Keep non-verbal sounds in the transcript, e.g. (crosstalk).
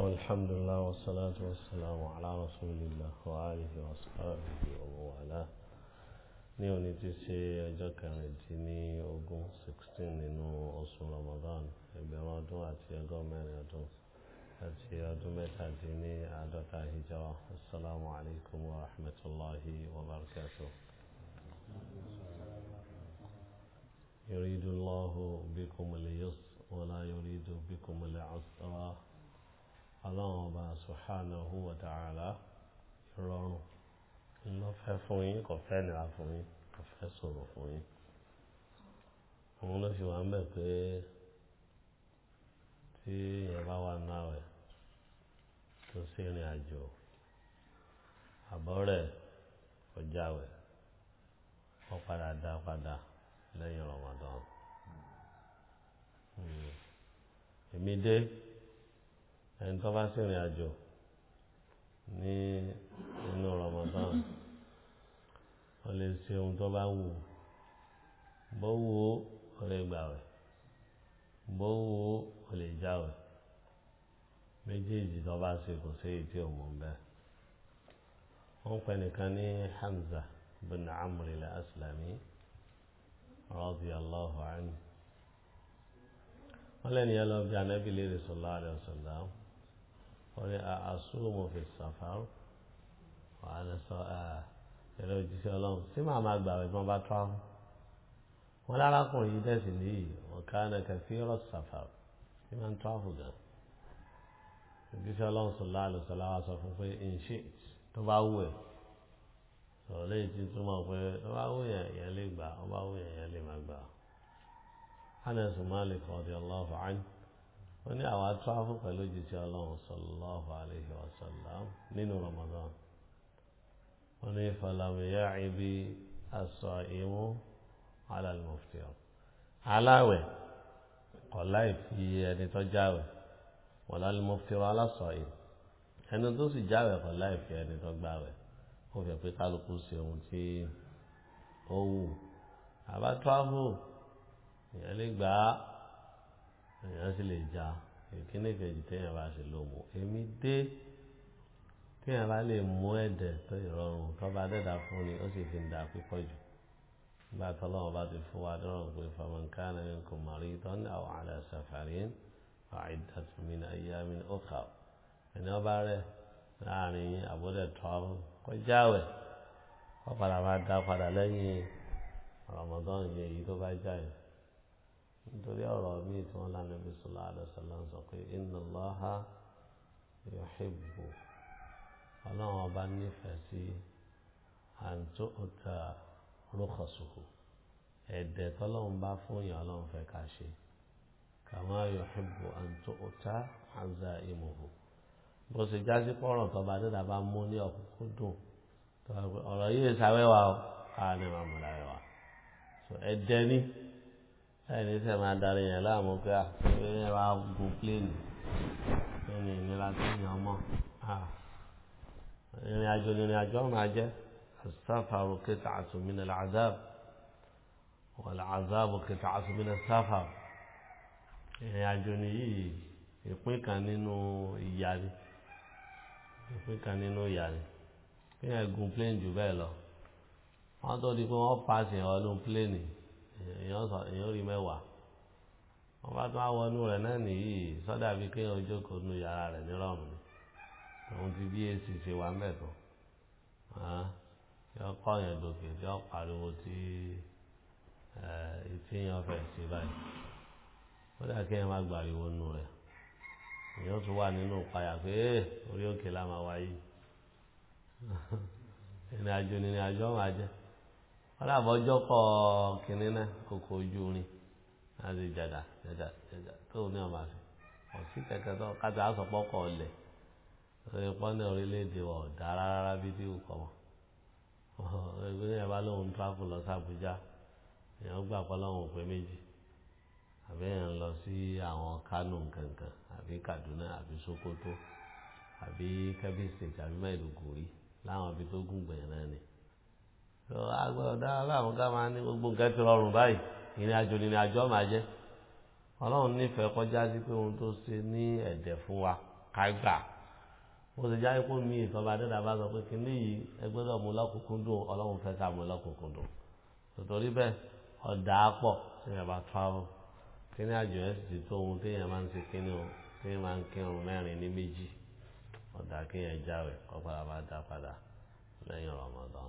الحمد لله والصلاة والسلام على رسول الله وآله وصحبه ومن والاه نيوني تيسي أجاكا نتيني أوغو 16 نينو أصول رمضان إبرادو أتي أغو مريدو أتي أدو ميتا ديني أدو تاهجوا عليكم ورحمة الله وبركاته يريد الله بكم اليسر ولا يريد بكم العسر ọlọ́run ọba subhanahu wa ta'ala ìrọ̀rùn ló fẹ́ fún yín kò fẹ́ nira fún yín kò fẹ́ sọ̀rọ̀ fún yín àwọn ló fi wà ń bẹ̀ pé tí èèyàn bá wà náà tó sí ìrìn àjò àbọ̀ rẹ̀ ọjà padà dá padà lẹ́yìn Ramadan hmm. èmi dé ẹni tó bá sìnrìn àjò ní inú Ramadan ó lè ṣe ohun tó bá wù bó wù ó ó lè gbààwẹ̀ bó wù ó ó lè jáwẹ̀ méjèèjì tó bá ṣe kò sí èyí tí ò mú bẹ́ẹ̀ wọ́n pẹ́ nìkan ní Hamza bin Amr al-Aslami radiyallahu anhu wọ́n lẹ́nu yẹn lọ bí anábìlẹ̀ rẹ̀ sallallahu alaihi wasallam wọ́n àṣùwọ̀n fi sàfàrù wọ́n á sọ ẹ̀rọ ìjíṣẹ́ ọlọ́run sí màá máa gbà wọ́n bá tó àwọn. wọ́n lárakùnrin yìí dẹ̀sí nìyí ọ̀ká nàkà sí rọ̀ sàfàrù sí máa ń tó àwọn gan. ìjíṣẹ́ ọlọ́run sọ̀lá àlùsọ̀lá wa sọ fún pé ìṣe tó bá wù ẹ̀ sọ̀rọ̀ lẹ́yìn tí túmọ̀ pé tó bá wù yẹn yẹn lè gbà ó bá wù yẹn yẹn lè má gbà. Anas Malik radiyallahu anhu wọ́n ní àwọn atúráfù pẹ̀lú òjijì ọlọ́run sallallahu alayhi wa sallam nínú Ramadan wọ́n ní falamiyá ibi asọ ìmú alálùmọ̀fìtìọ́ aláwẹ̀ kọ̀lá ìfi ẹni tó jáwẹ̀ wọ̀lá alùmọ̀fìtìọ́ alásọ ìmú ẹni tó sì jáwẹ̀ kọ̀lá ìfi ẹni tó gbáwẹ̀ ó fẹ́ pé kálukú ṣe ohun tí ó wù àbá ìyẹn lè gbà á èèyàn sì lè ja ìkíní kejì téèyàn bá ṣe ló mú èmi dé téèyàn bá lè mú ẹ̀dẹ̀ tó ìrọ̀rùn tó bá dẹ́dà fún ni ó sì fi ń da pípọ̀ jù nígbà tó lọ́wọ́ bá ti fún wa dọ́rọ̀ pé fàmọ́nká ni kò mọ̀rí tán ní àwọn àlẹ́ sàfàrí àìdàtúmí ní ayé àmì ọkà ẹni ọba rẹ láàrin àbúdẹ̀ tọ́ọ̀rù kọjáwé wọ́n padà máa dá padà lẹ́yìn Ramadan yẹn èyí tó bá jáde nítorí ọ̀rọ̀ míì tí wọ́n lánàá bí sọlá àdọ́sọ́lá ń sọ pé inna Allaha yuhibbu ọlọ́run ọba nífẹ̀ẹ́ sí àǹtó ọ̀tà rukhasuhu ẹ̀dẹ̀ tọ́lọ́run bá fún yàn ọlọ́run fẹ́ ká ṣe kama yuhibbu àǹtó ọ̀tà azaimuhu bó ṣe jásí pọ́rọ̀ tọba dídà bá mú ní ọ̀kúnkún dùn ọ̀rọ̀ yìí ṣàwẹ́wà ọ̀ ká ní màmúlá rẹ̀ wá ẹ̀dẹ̀ ni ẹni tẹ máa darí yẹn láàmú pé à ṣé ẹ wá bu pléènì ẹni ìnira tó yàn mọ́ ìrìn àjò ìrìn àjò máa jẹ́ asáfàrò kẹta àtúmínà làzáàbù wàlà àzáàbù kẹta àtúmínà sáfàrò ìrìn àjò nìyí ìpín kan nínú ìyá ni ìpín kan nínú ìyá ni kí ẹ gun pléènì jù bẹ́ẹ̀ lọ wọ́n tó di pé wọ́n pàṣẹ ọdún pléènì èèyàn rí mẹ́wàá wọ́n bá tún á wọnú rẹ̀ náà nìyí sọ́dà bíi kéèyàn jókòó nu yàrá rẹ̀ nírọ̀rùn ni òun ti bí èsì ṣe wà mẹ́tọ̀ yọ kọ́ yẹn gòkè tí ó pariwo tí ìtìyàn fẹ̀ sí báyìí ó dà kéèyàn má gbàriwo nu rẹ̀ èèyàn tún wà nínú ìpayà pé orí òkè la máa wáyé (laughs) ìrìn àjò ìrìn àjò máa jẹ́ ọlọ́ àbọ̀jọ́ kọ́ kínní náà kòkò ojú orin láti jàdà jàdà jàdà tó ní ọmọ àfi ọ̀sí kẹ̀kẹ́ tó káta àsọpọ̀ kọ̀ ọ̀lẹ̀ lórí pọ́nẹ́ orílẹ̀-èdè wọ̀ dára rárá bí tí kò mọ̀ ẹgbẹ́ yẹn bá lóun tíráfù lọ sí Àbújá èèyàn gbà pọ́ lọ́wọ́n òpè méjì àbí èèyàn lọ sí àwọn Kánò kankan àbí Kaduna àbí Sokoto àbí Kebbi State àbí Maiduguri láwọn ibi tó gùn gbẹ̀yìn náà ni agbọ́dọ̀ dára láàmú ká máa ní gbogbo nǹkan ti rọrùn báyìí ìrìn àjò ìrìn àjò máa jẹ́ ọlọ́run nífẹ̀ẹ́ kọjá sí pé ohun tó ṣe ní ẹ̀dẹ̀ fún wa ká gbà mo sì jáde kó mi ìfọba dẹ́dà bá sọ pé kínní yìí ẹgbẹ́dọ̀ mú lọ́kùnkún dùn ọlọ́run fẹ́ ká mú lọ́kùnkún dùn tòtòrí bẹ́ẹ̀ ọ̀dà pọ̀ téèyàn bá travel kínní àjò ẹ̀ sì ti tó ohun téèyàn máa ń ṣe kínní o téèyàn máa ń kírun mẹ́rin ní méjì ọ̀dà kéèyàn jáwèé kọ́ padà bá dá padà lẹ́yìn Ramadan.